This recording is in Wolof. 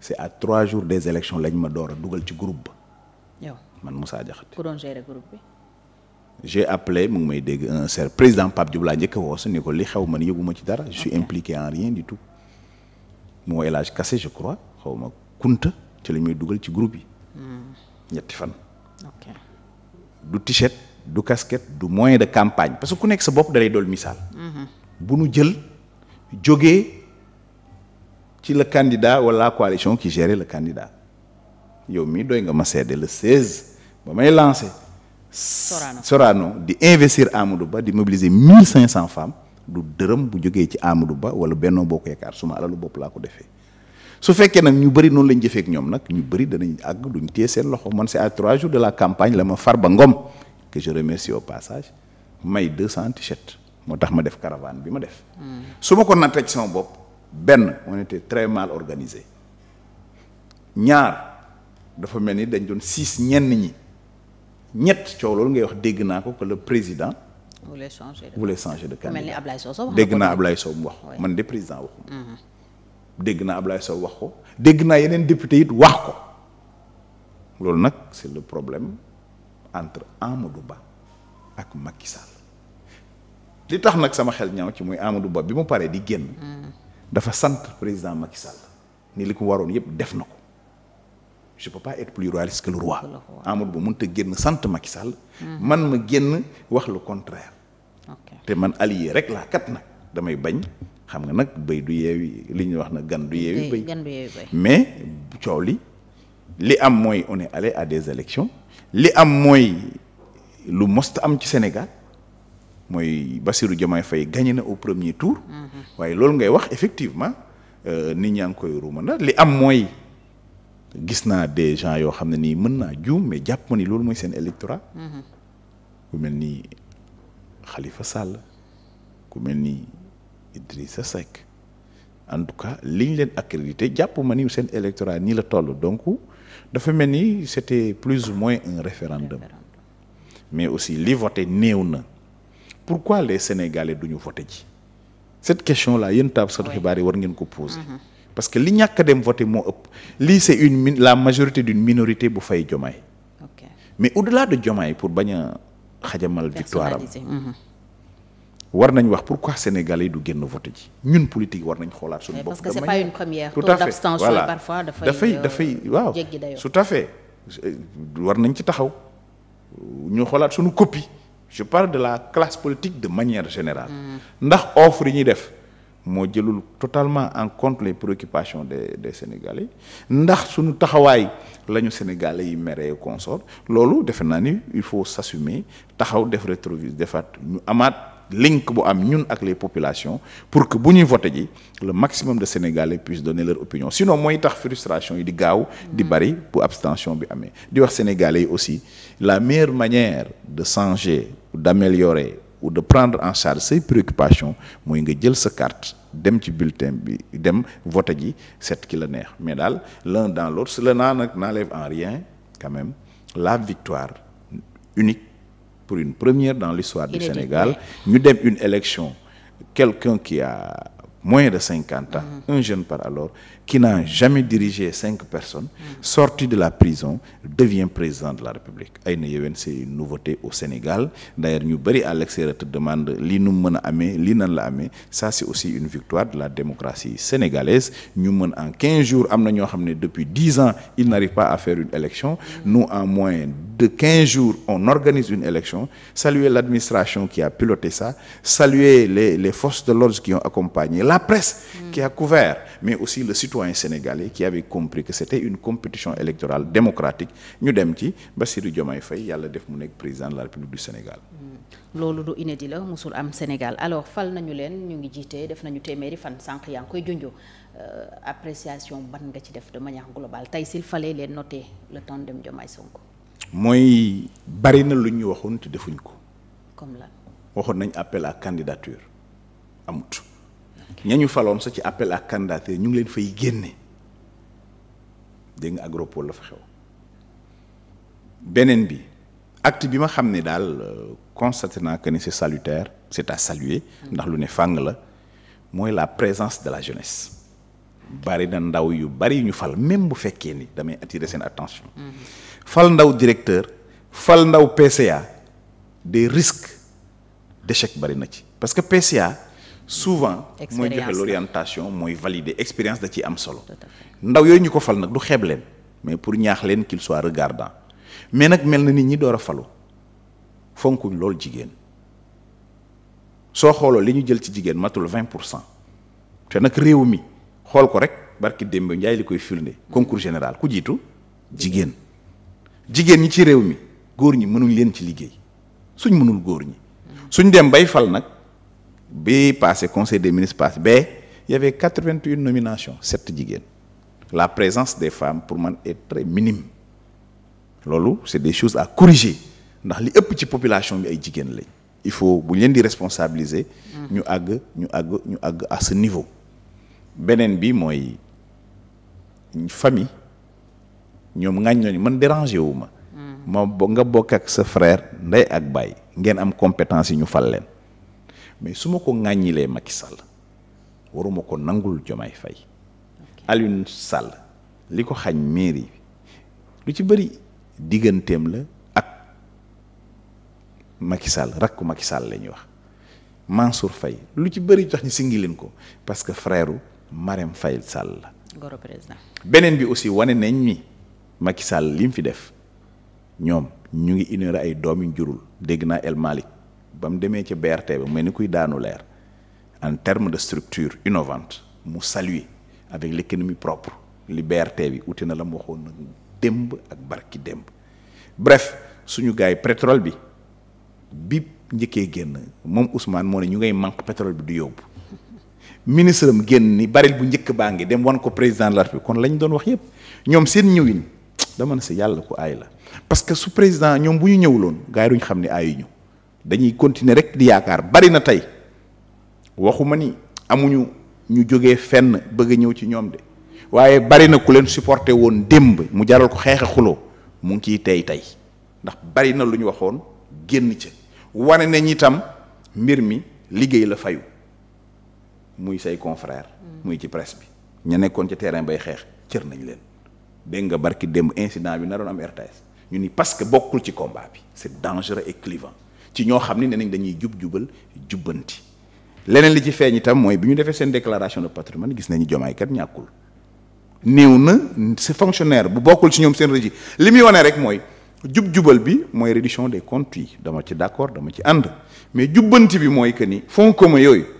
c' est à trois jours des élections lañ ma door a dugal ci groupe ba. man Moussa Diakhaté. ku doon gérer groupe bi. j'ai appelé mu ngi may dégg un ser président Pape Diop njëkk a woo su ko li xew man yëguma ci dara. je suis impliqué en rien du tout. moo El Hadj Kassé je crois xaw ma Kunta ci la ñuy dugal ci groupe yi. Hmm. ñetti fan. du t-shirt du casquette du moyen de campagne parce que ku nekk sa bopp da lay dool misaal. Hmm. bu nu jël jógee. ci le candidat wala la coalition qui gérait le candidat yow mii doy nga ma seede le 16 ba may lancé. Sorano Sorano di investir Amadou Ba di mobiliser 1500 femmes du dërëm bu jógee ci Amadou Ba wala Benno Bokk Yaakaar suma alalu bopp laa ko defee. su fekkee nag ñu bëri noonu lañ jëfeek ñoom nag ñu bëri danañ ak duñ téye seen loxo man c'est à trois jours de la campagne la ma Farba Ngom que je remercie au passage may deux cent t-shirt moo tax ma def caravane bi ma def. Hmm. su ma ko nattee benn on était très mal organisé ñaar dafa mel ni dañ doon siis ñenn ñi ñett coow loolu ngay wax dégg naa ko que le président. voulait changer de voulait changer de candidat mel ni Ablaye wax dégg naa Ablaye Sow wax ko man de président waxuma. Mhm. dégg naa Ablaye Sow wax ko dégg naa yeneen député it wax ko loolu nag c'est le problème entre Amadou Ba ak Macky li tax nag sama xel ñaaw ci muy Amadou Ba bi mu paree di génn. Mhm. dafa sant président Macky Sall ni li ko waroon yëpp def na ko je peux pas être plus royaliste Ba mënut a génn sant Macky Sall man ma génn wax lu contraire te man allié rek laa kat nag damay bañ xam nga nag béy du yeewi li ñuy wax na gan du yeewi béy mais coow li li am mooy on est à des élections li am mooy lu most am ci Sénégal mooy Bassirou Diomaye Faye gagné na au premier tour. waaye loolu ngay wax effectivement euh, nit ñaa ngi koy ruumanda li am mooy gis naa des gens yoo xam ne nii mën naa juum mais jàpp ma ni loolu mooy seen électorat. ku mel ni Khalifa Sall ku mel ni Idrissa Seck en tout cas liñ leen accrédité jàpp ma ni seen électorat nii la toll donc dafa mel ni c'était plus ou moins un référendum mais aussi li voté néew na. pourquoi les sénégalais duñu voté ji cette question là yéen taskatu xibaar yi war ngeen ko poser mhm. parce que li ñàkk dem voté moo ëpp lii c'est une mine la majorité d'une minorité bu fay jomaay mais au-delà de jomaay pour bañ a xajamal victoire am mhm. war nañ wax pourquoi sénégalais yi du génn voté ji ñun politique war nañ xoolaat suñu bopp parce que c'est pas une première tout à fait voilà parfois dafay dafay euh, waaw tout à fait euh, war nañ ci taxaw ñu xoolaat suñu copie je parle de la classe politique de manière générale. ndax offre yi ñuy def moo jëlul totalement en compte les préoccupations de des sénégalais ndax suñu taxawaay la ñu sénégalais yi meree consort loolu defe naa ni il faut s'assumer taxaw def rétroviseur defaat ñu amaat. link bu am ñun ak les population pour que bu ñuy voté ji le maximum de Sénégalais puissent donner leur opinion sinon mooy tax frustration yi di gaaw di mm. bari bu abstention bi amee di wax Sénégalais yi aussi la meilleure manière de changer ou d'améliorer ou de prendre en charge ses préoccupations mooy nga jël sa carte dem ci bulletin bi dem voté ji set ki la neex mais daal l'un dans l'autre cela nag n'enlève en rien quand même la victoire unique pour une première dans l'histoire du Sénégal ñu dem une élection quelqu'un qui a moins de cinquante ans mmh. un jeune par alors qui n'a jamais dirigé cinq personnes mmh. de la prison devient président de la République ay na yéwén c'est une nouveauté au Sénégal d'ailleurs ñu bëri à l'extérieur te demande lii nu mën a amee lii nan la amee ça c'est aussi une victoire de la démocratie sénégalaise ñu mën en quinze jours am na ñoo xam ne depuis dix ans ils n'arrivent pas à faire une élection mm-hmm. nous de 15 jours, on organise une élection, saluer l'administration qui a piloté ça, saluer les, les forces de l'ordre qui ont accompagné, la presse mmh. qui a couvert, mais aussi le citoyen sénégalais qui avait compris que c'était une compétition électorale démocratique. Ñu dem ci Bassirou Diomaye Faye yàlla def mu nekk président de la République du Sénégal. Hmm. loolu du inédit la musul am Sénégal alors fal nañu leen ñu ngi jiite def nañu téeméeri fan sànq yaa ngi koy junjoo euh, appréciation ban nga ci def de manière globale tey s'il fallait les noter le tandem Diomaye Sonko. mooy bari na lu ñu waxoon te defuñ ko. comme waxoon nañ appel à candidature amut. ñañu faloon sa ci appel à candidature ñu ngi leen fay génne dégg nga agropole la fa xew beneen bi acte bi ma xam ne daal euh, constaté naa que ni c'est salutaire c'est à saluer. ndax lu ne fàng la mooy la présence de la jeunesse. bari na ndaw yu bari ñu fal même bu fekkee ni damay attirer seen attention. fal ndaw directeur fal ndaw PCA des risques d'échec bari na ci parce que PCA souvent. mooy joxe l'orientation mooy valider expérience da ciy am solo. ndaw yooyu ñu ko fal nag du xeeb leen mais pour ñaax leen qu'il soit regardant mais nag mel na nit ñi door a falu fonkuñ loolu jigéen soo xooloo li ñu jël ci jigéen matul vingt pour cent te nag réew mi. xool ko rek barki démb Njaay li koy firnde concours général ku jiitu jigéen jigéen ñi ci réew mi góor ñi mënuñ leen ci liggéey suñ mënul góor ñi suñ dem bay fal nag bi passé conseil des ministres passé ba y avait quatre-vingt-un nominations sept jigéen la présence des femmes pour man est très minime loolu c'est des choses à corriger ndax li ëpp ci population bi ay jigéen lañ il faut bu ñu leen di responsabiliser ñu àgg ñu àgg ñu àgg à ce niveau beneen bi mooy famille ñoom ŋàññooñu man dérangé wu ma. Mm. ma bo nga bokk ak sa frère ndey ak baay ngeen am compétence yi ñu fal leen mais su ma ko ŋàññilee Macky Sall waruma ko nangul Diomaye Faye Alioune Sall li ko xañ mairie lu ci bëri digganteem la ak Macky Sall rakku Macky Sall la ñuy wax Mansour Faye lu ci bëri tax ñu singi leen ko parce que frère Marème Faye Sall. goro président. beneen bi aussi wane nañ ni Macky Sall li fi def ñoom ñu ngi ignorer ay doomi yu jurul dégg naa El Malick ba mu demee ca BRT ba mel ni kuy daanu leer en terme de structure innovante mu saluer avec l'économie propre li BRT bi uti na la mu waxoon nag démb ak barki démb bref suñu gars yi pétrole bi bi njëkkee génn moom Ousmane moo ne ñu ngay manque pétrole bi du yóbbu. ministre am génn ni baril bu njëkk baa ngi dem wan ko président de la République kon lañ doon wax yëpp ñoom seen ñëwin dama ne si yàlla ku ay la parce que su président ñoom bu ñu ñëwuloon gars yi ñu xam ne aayuñu dañuy continuer rek di yaakaar bari na tey waxuma ni amuñu ñu jóge fenn bëgg ñëw ci ñoom de waaye bari na ku leen supporté woon démb mu jaral ko xeex xuloo mu ngi ciy tey tey ndax bari na lu ñu waxoon génn ca wane nañ itam mbir mi liggéey la fayu muy say confrère muy ci presse bi ña nekkoon ci terrain bay xeex cër nañ leen dégg nga barki démb incident bi naroon am RTS ñu ni parce que bokkul ci combat bi c'est dangereux et clivant ci ñoo xam ni ne nañ dañuy jub jubal jubbanti leneen li ci feeñ itam mooy bi ñu defee seen déclaration de patrimoine gis nañu jomaay ñàkkul néew na si fonctionnaire bu bokkul ci ñoom seen régi li muy wane rek mooy jub jubal bi mooy réduction des comptes yi dama ci d'accord dama ci ànd mais jubbanti bi mooy que ni fonds communs yooyu